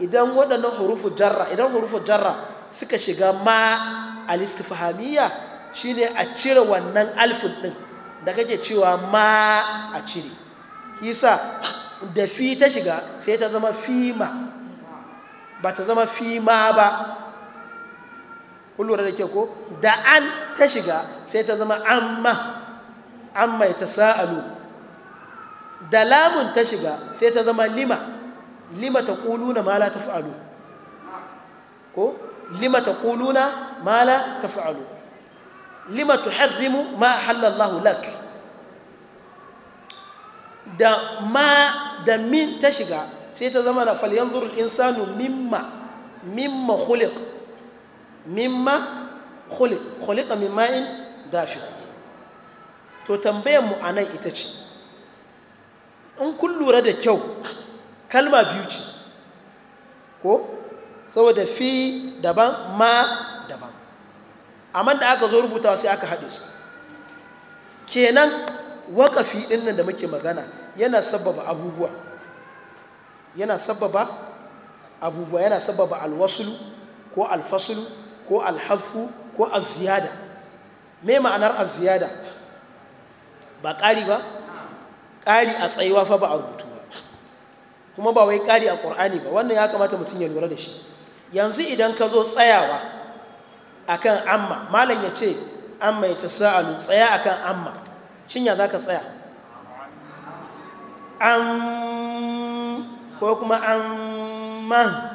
Speaker 1: idan waɗannan hurufin jarra idan hurufin jarra suka shiga ma alistifhamiyya shine a cire wannan alfin din da kake cewa ma a cire kisa da fi ta shiga sai ta zama fima ba ta zama fima ba kullum da ke ko da an ta shiga sai ta zama amma amma ya tasa'alu da lamun ta shiga sai ta zama lima lima ta kuluna ma la taf'alu ko lima ta kuluna ma la taf'alu lima tuharrimu ma halallahu lak da ma da min ta shiga sai ta zama na falyanzur insanu mimma mimma khuliq mimma khuliq khuliqa min in dafiq to tambayar mu anan ita ce in kun lura da kyau kalma biyu ce ko saboda fi daban ma daban amma da aka zo rubutawa sai aka haɗe su kenan waƙafi ɗin nan da muke magana yana sababa abubuwa yana sababa abubuwa yana sababa alwasulu ko alfasulu ko alhafu ko aziyada me ma'anar aziyada ba ƙari ba ƙari a tsayuwa fa ba a rubutu ba kuma ba wai ƙari a ƙur'ani ba wannan ya kamata mutum ya lura da shi yanzu idan ka zo tsayawa akan amma malam ya ce amma ya ta sa'alu tsaya akan amma shinya za ka tsaya ko kuma amma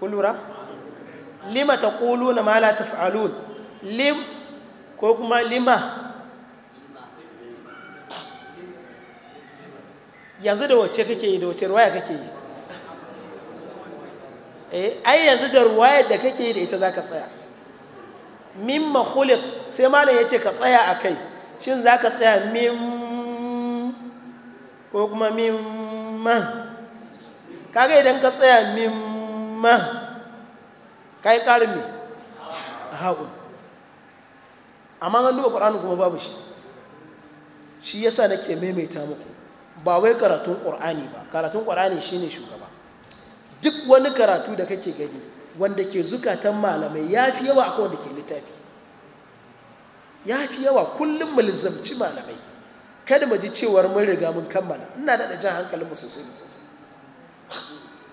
Speaker 1: kun lura lima ta ƙulu na ma la taf'alun lim ko kuma lima yanzu da wacce kake yi da wacce ruwaya kake yi eh, ai yanzu da ruwayar da kake yi da ita za ka tsaya min makulik sai malam ya ce ka tsaya a kai shin za ka tsaya min ko kuma min ma kaga idan ka tsaya min ma ka yi ƙarmi a haƙun amma an duba ƙwararru kuma babu shi shi yasa nake maimaita muku ba wai karatun ƙur'ani ba karatun shi ne shugaba duk wani karatu da kake gani wanda ke zukatan malamai ya fi yawa a kowanda ke littafi ya fi yawa kullum mu malamai kada mu ji cewar mun riga mun kammala ina daɗa jan mu sosai da sosai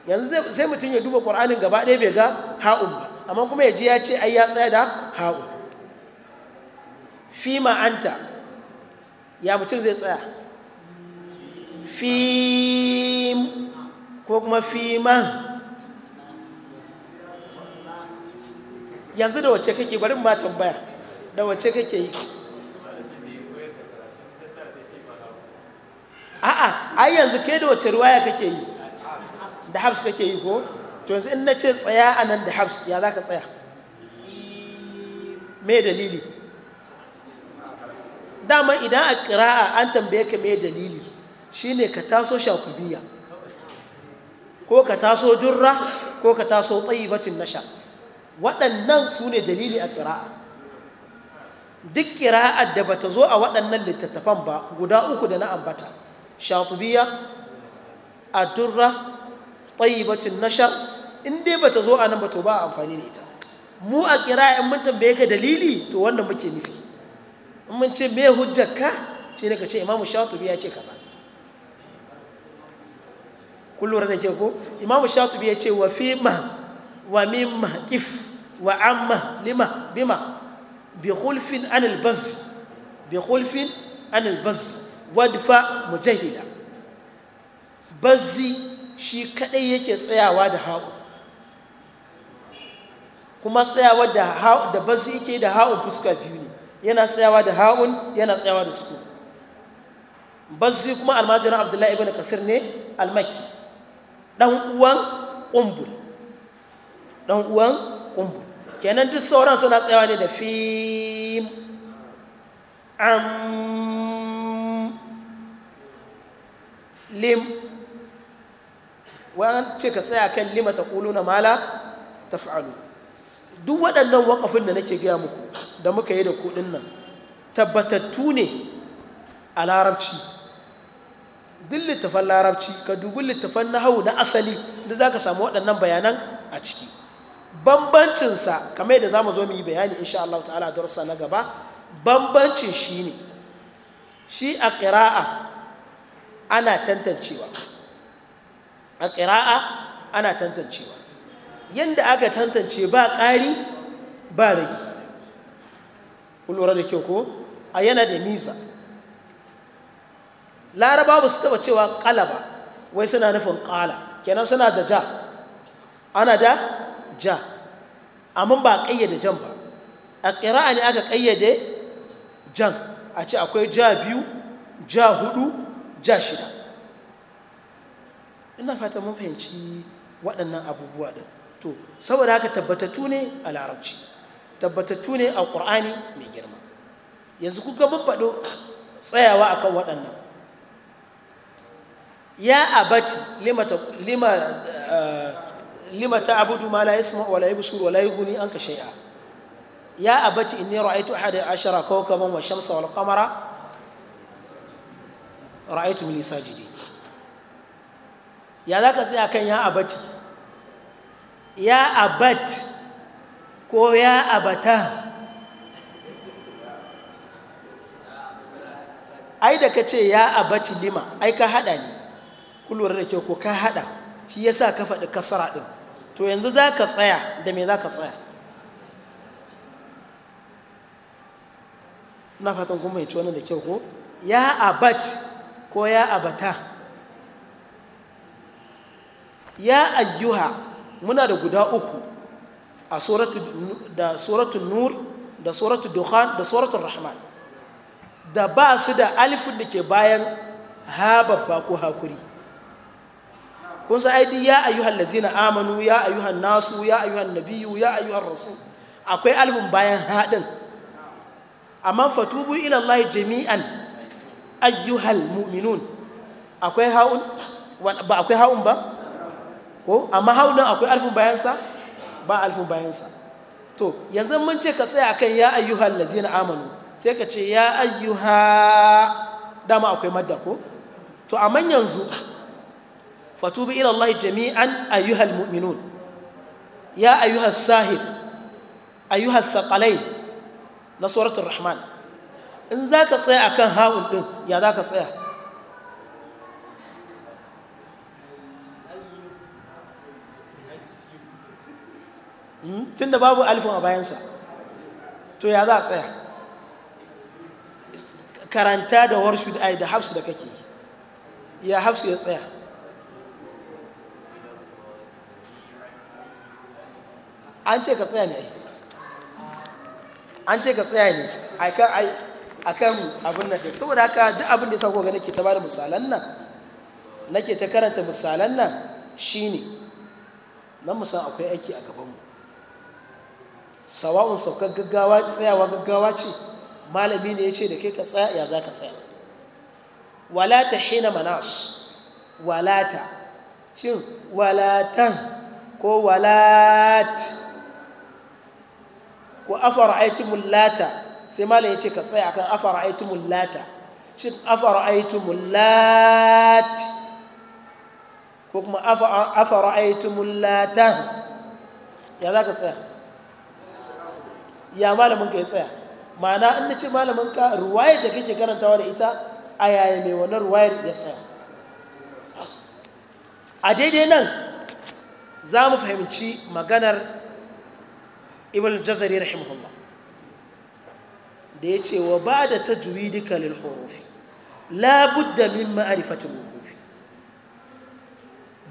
Speaker 1: yanzu sai mutum ya duba ƙur'anin gaba ɗaya bai ga ha'un ba amma kuma ya ji ya ce ai ya tsaya da ha'un fima ma'anta ya mutum zai tsaya fi ko kuma fima yanzu da wacce kake bari ma tambaya da wacce kake yi a'a ai yanzu ke da wacce ruwaya kake yi da habs kake yi ko to yanzu in na ce tsaya a nan da habs ya za ka tsaya me dalili dama idan a ƙira'a an tambaye ka mai dalili shine ka taso shatubiya ko ka taso durra ko ka taso tsayibatun nasha waɗannan su ne dalili a ƙira'a duk ƙira'ar da ta zo a waɗannan littattafan ba guda uku da na ambata shatubiya a durra tsayibatun nasha in dai ta zo a nan ba to ba amfani da ita mu a in mun tambaye ka dalili to wannan muke nufi mun ce me hujjarka shi ne ka ce imamu shatubi ya ce kaza kun da ke ko imamu shatubi ya ce wa fi ma wa mimma if wa amma lima bima bi hulfin an albaz bi hulfin an albaz wadfa mujahida bazzi shi kadai yake tsayawa da hau kuma tsayawa da bazzi yake da hau fuska biyu yana tsayawa da ha'un yana tsayawa da suku bazzi kuma almajiran abdullahi ibn kasir ne almaki dan uwan kumbul dan uwan kumbul kenan duk sauran suna tsayawa ne da fim am lim wani ce ka tsaya kan lima ta kuluna mala ta fa'alu duk waɗannan waƙafin da nake gaya muku da muka yi da kuɗin nan tabbatattu ne a larabci duk littafan larabci ka dubi littafan na hau na asali da za ka samu waɗannan bayanan a ciki bambancinsa kamar yadda za mu zo mu yi bayani insha Allah ta'ala a darussa na gaba bambancin shi ne shi a ƙira'a ana tantancewa a ƙira'a ana tantancewa yadda aka tantance ba ƙari ba rage ƙulura da kyau ko a yana da nisa laraba ba su taba cewa ba wai suna nufin ƙala kenan suna da ja ana da ja amma ba a ƙayyade jan ba a ƙira'a ne aka ƙayyade jan a ce akwai ja biyu ja hudu ja shida ina fata mun fahimci waɗannan abubuwa ɗin to saboda haka tabbatattu ne a larabci tabbatattu ne a ƙur'ani mai girma yanzu kuka babbaɗo tsayawa akan waɗannan ya abati eh, lima ta abudu ma la yasma wa la yubsir wa la yughni anka shay'a ya abati inni ra'aytu ahada ashara kawkaban wa shamsa wal qamara ra'aitu min sajidi ya za ka tsaya kan ya abati ya abat ko ya abata ai da ka ce ya abaci lima ai ka hada ne kulwar da ke ko ka hada shi ya sa ka faɗi kasara ɗin to yanzu za ka tsaya da me za ka tsaya na fatan kuma ya ci wani da kyau ko ya abat ko ya abata ya ayyuha muna da guda uku a da nur da suratul dukhan da suratul rahman da ba su da alifin da ke bayan ha babba ko hakuri kun sa aidi ya ayyuhan lazina amanu ya ayyuhan nasu ya ayyuhan nabiyu ya ayyuhan rasu akwai alifin bayan haɗin amma fatubu ila Allah jami'an ayyuhal mu'minun akwai ha'un ba akwai ha'un ba ko amma hau akwai alfin bayansa ba alfin bayansa to yanzu mun ce ka tsaya akan ya ayyuhal ladina amanu sai ka ce ya ayyuha dama akwai madda ko to amma yanzu fatubu ila Allah jami'an ayyuhal mu'minun ya ayyuhal sahir ayyuhal thaqalain na suratul rahman in zaka tsaya akan ha'un din ya zaka tsaya tunda babu alifin a bayansa to ya za a tsaya karanta da warshu da da hafsu da kake ya hafsu ya tsaya an ce ka tsaya ne an ce ka tsaya ne a kan abin nan saboda haka duk abin da ya sako ga nake ta bada misalan nan nake ta karanta misalan nan shine nan musan akwai aiki a gabanmu sawa'un saukar gaggawa tsayawa gaggawa ce malami ne ya ce da kai ka tsaya ya za ka tsaya walata hina manas walata shin walata ko walat ko afara aitumul lata sai malami ya ce ka tsaya akan afara aitumul lata shin afara aitumul lat ko kuma afara aitumul lata ya za ka tsaya ya malamin ka ya tsaya ma'ana in na ce malamin ka ruwayar da kake karantawa da ita a yaya mai wannan ruwayar ya tsaya a daidai nan za mu fahimci maganar ibn jazari rahimahullah da ya ce wa ba da ta juyi duka lilhurufi labudda min ma'arifatin hurufi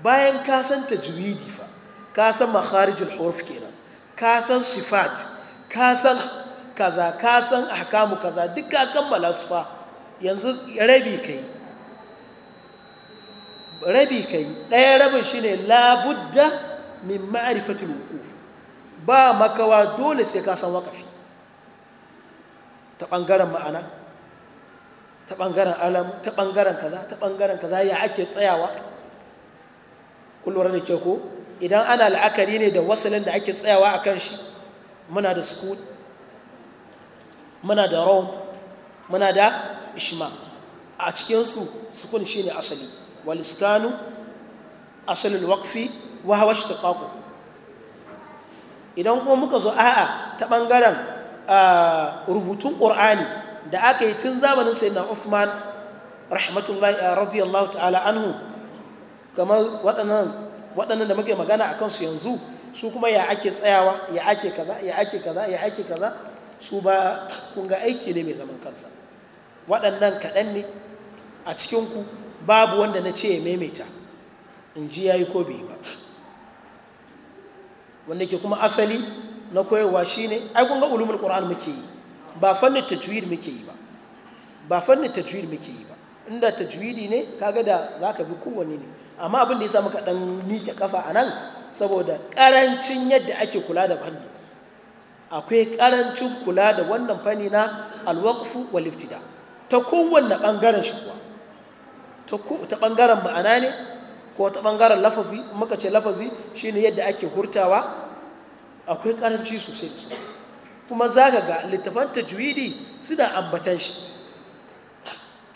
Speaker 1: bayan ka san ta juyi difa ka san makharijin huruf kenan ka san sifat ka san kaza ka san ahkamu kaza duk ka kammala su fa yanzu rabi kai rabi kai ɗaya rabin shi ne labudda min ma'arifatul wuquf ba makawa dole sai ka san wakafi ta ɓangaren ma'ana ta ɓangaren alam ta ɓangaren kaza ta ɓangaren kaza ya ake tsayawa kullum da ke ko idan ana la'akari ne da wasalin da ake tsayawa a kan shi muna da sukun muna da rom muna da ishma a cikinsu sukun shi ne asali waliskanu asalin wakfi wa hawa shi idan kuma muka zo a'a ta ɓangaren rubutun ƙur'ani da aka yi tun zamanin sai na usman radiyallahu ta'ala anhu kamar waɗannan da muke magana a kansu yanzu su kuma ya ake tsayawa ya ake kaza ya ake kaza ya ake kaza su ba kun aiki ne mai zaman kansa waɗannan kaɗan ne a cikinku babu wanda na ce ya maimaita in ji ya yi ko bai ba wanda ke kuma asali na koyarwa shi ne ai kun ga ulumul muke yi ba fannin tajwid muke yi ba ba fannin tajwid muke yi ba inda tajwiri ne kaga da za ka bi kowane ne amma abin da ya sa muka ɗan nike kafa a nan saboda ƙarancin yadda ake kula da fanni akwai ƙarancin kula da wannan fanni na alwakufu wa iftida ta kowanne ɓangaren shi kuwa ta ɓangaren ma'ana ne ko ta ɓangaren lafazi muka ce lafazi shine yadda ake hurtawa akwai ƙaranci sosai kuma za ka ga littafan juidi suna ambatan shi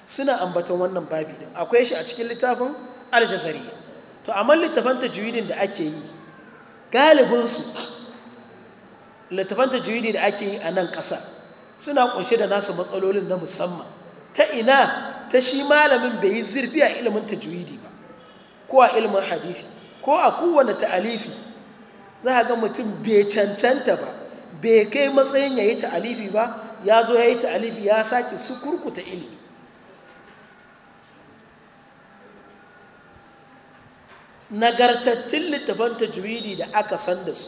Speaker 1: suna ambatan wannan babi akwai shi a cikin littafin aljazariya to amma littafan tajwidin da ake yi galibinsu littafan tajwidi da ake yi a nan ƙasa suna kunshe da nasu matsalolin na musamman ta ina ta shi malamin bai yi zirfi a ilimin tajwidi ba ko a ilimin hadisi ko a kowane ta'alifi za a ga mutum bai cancanta ba bai kai matsayin ya yi ta'alifi ba ya zo ya yi ta'alifi ya sake su kurkuta ilimi nagartattun littafan tajwidi da aka san da su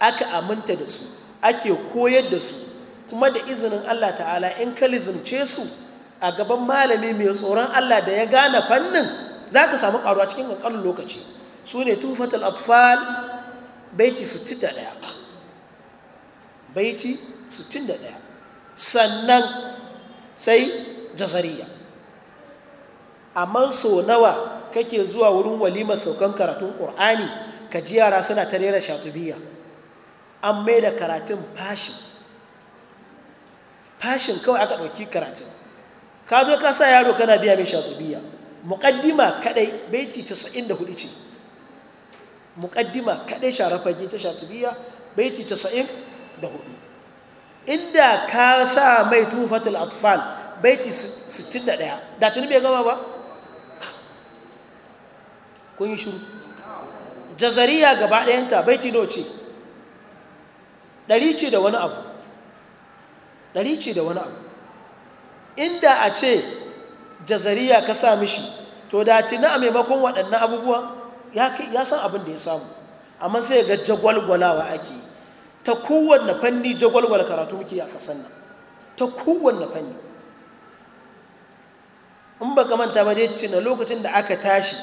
Speaker 1: aka aminta da su ake koyar da su kuma da izinin Allah ta'ala in ka lizimce su a gaban malami mai tsoron Allah da ya gane fannin za ka samu karuwa cikin kankanin lokaci su ne tufatul atfal baiti 61 baiti 61 sannan sai jazariya amma so nawa kake zuwa wurin walimar saukan karatun ƙur'ani ka ji yara suna ta rera shatubiya an mai da karatun fashin fashin kawai aka ɗauki karatun ka zo ka sa yaro kana biya mai shatubiya muƙaddima kaɗai baiti hudu ce muƙaddima kaɗai sharafage ta shatubiya baiti hudu inda ka sa mai tufatul atfal baiti ɗaya da tuni bai gama ba kun yi shuru jazariya gaba ɗayanta bai no ce ɗari ce da wani abu ɗari ce da wani abu inda a ce jazariya ka sa mishi to da tina a maimakon waɗannan abubuwa ya san abin da ya samu amma sai ga jagwalgwalawa ake ta kowanne fanni jagwalgwal karatu muke a kasan nan ta kowanne fanni in ba manta ba dai na lokacin da aka tashi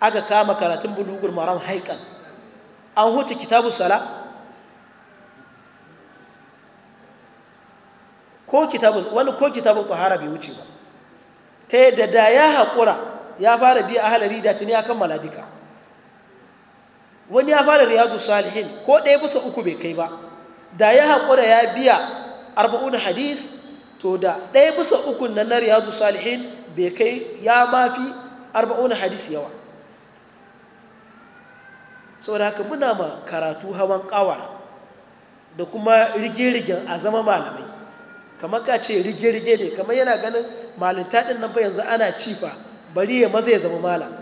Speaker 1: aka kama karatun bulugur maram haikan an huce kitabu sala ko kitabu wani ko kitabu tahara bai wuce ba ta yadda da ya haƙura ya fara biya a halari da tuni a kammala duka wani ya fara riyadu salihin ko ɗaya bisa uku bai kai ba da ya haƙura ya biya arba'un hadith to da ɗaya bisa uku na riyadu salihin bai kai ya mafi arba'un hadith yawa saboda haka muna ma karatu hawan kawara da kuma rige-rigen a zama malamai kamar ka ce rige ne kamar yana ganin malinta din nan fa yanzu ana cifa bari ya maza ya zama malam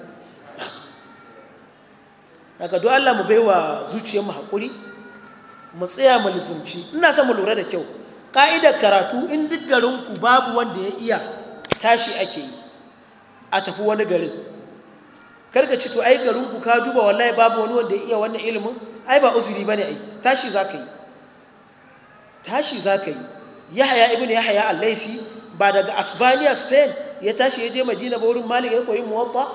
Speaker 1: daga duk Allah mu baiwa zuciyarmu haƙuri mu tsaya mu lizumci ina son mu lura da kyau ƙa'idar karatu in duk garinku babu wanda ya iya tashi ake yi a tafi wani garin karka ci to ai garin ku ka duba wallahi babu wani wanda ya iya wannan ilimin ai ba uzuri bane ai tashi zaka yi tashi zaka yi yahya ibn yahya al ba daga asbania spain ya tashi ya je madina ba wurin malik ya koyi muwatta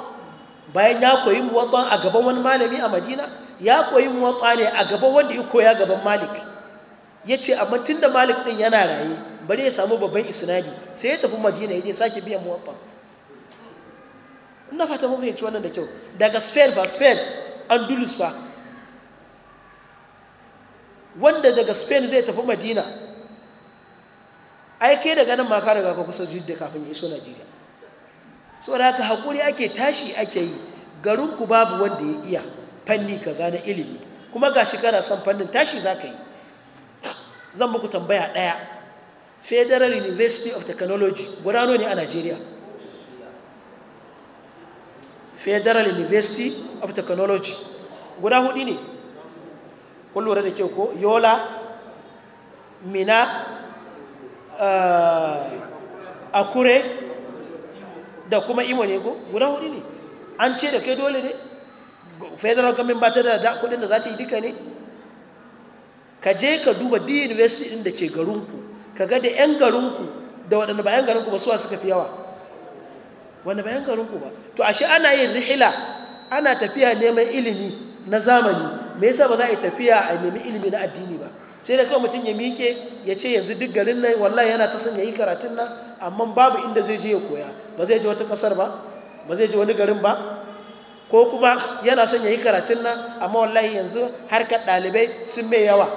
Speaker 1: bayan ya koyi muwatta a gaban wani malami a madina ya koyi muwatta ne a gaban wanda ya koya gaban malik yace ce amma tunda malik din yana raye bari ya samu babban isnadi sai ya tafi madina ya je sake biyan muwatta ina fata mun fahimci wannan da kyau daga spain ba spain andulus ba wanda daga spain zai tafi madina ai kai daga nan ma ka daga ka kusa jidda kafin ya iso najeriya da haka hakuri ake tashi ake yi garin ku babu wanda ya iya fanni kaza na ilimi kuma ga shi kana san fannin tashi za ka yi zan muku tambaya ɗaya federal university of technology gudano ne a najeriya federal university of technology guda hudu ne kun da ke ko yola mina eh, akure da kuma imo ne ko guda hudu ne an ce da kai dole ne federal government ba ta da kudin da za ta yi duka ne ka je ka duba di university din da ke garinku ka ga da 'yan garinku da waɗanda ba 'yan garinku ba suwa suka fi yawa wanda bayan garinku ba to ashe ana yin rihila ana tafiya neman ilimi na zamani me yasa ba za a yi tafiya a nemi ilimi na addini ba sai da kawai mutum ya miƙe ya ce yanzu duk garin nan wallahi yana ta son ya yi karatun nan amma babu inda zai je ya koya ba zai je wata ƙasar ba ba zai je wani garin ba ko kuma yana son ya yi karatun nan amma wallahi yanzu harkar ɗalibai sun mai yawa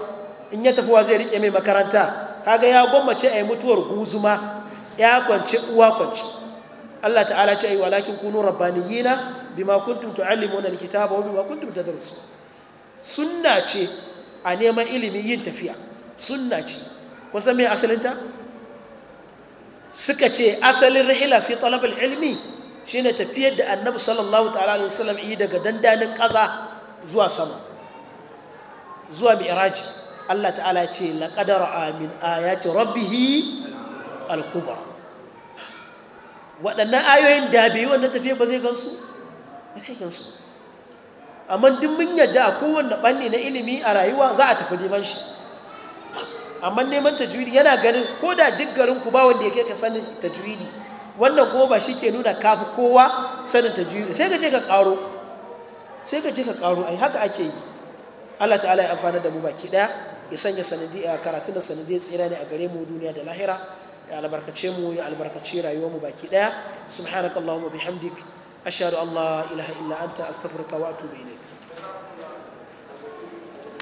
Speaker 1: in ya tafi wa zai riƙe mai makaranta kaga ya gwammace a yi mutuwar guzuma ya kwance uwa kwance Allah ta'ala ce walakin kunu rabbaniyina bima kuntum tu'allimuna alkitaba wa bima kuntum tadrusun sunna ce a neman ilimi yin tafiya sunna ce kusan me asalinta suka ce asalin rihila fi talab ilmi shine tafiyar da annabi sallallahu ta'ala alaihi wasallam yi daga dandanin ƙasa zuwa sama zuwa mi'raji Allah ta'ala ce laqad ra'a min ayati rabbih al-kubra waɗannan ayoyin da biyu wannan tafiye ba zai gansu ba kai gansu amma duk mun yadda a kowanne ɓanne na ilimi a rayuwa za a tafi neman shi amma neman tajwidi yana ganin ko da duk garin ku ba wanda yake ka sanin tajwidi wannan ko ba shi ke nuna kafi kowa sanin tajwidi sai ka je ka karo sai ka je ka karo ai haka ake yi Allah ta'ala ya amfana da mu baki ɗaya ya sanya sanadi a karatun da sanadi tsira ne a gare mu duniya da lahira ya albarkace mu ya albarkace rayuwar mu baki daya subhanakallahumma bihamdik ashhadu an la ilaha illa anta astaghfiruka wa atubu ilaik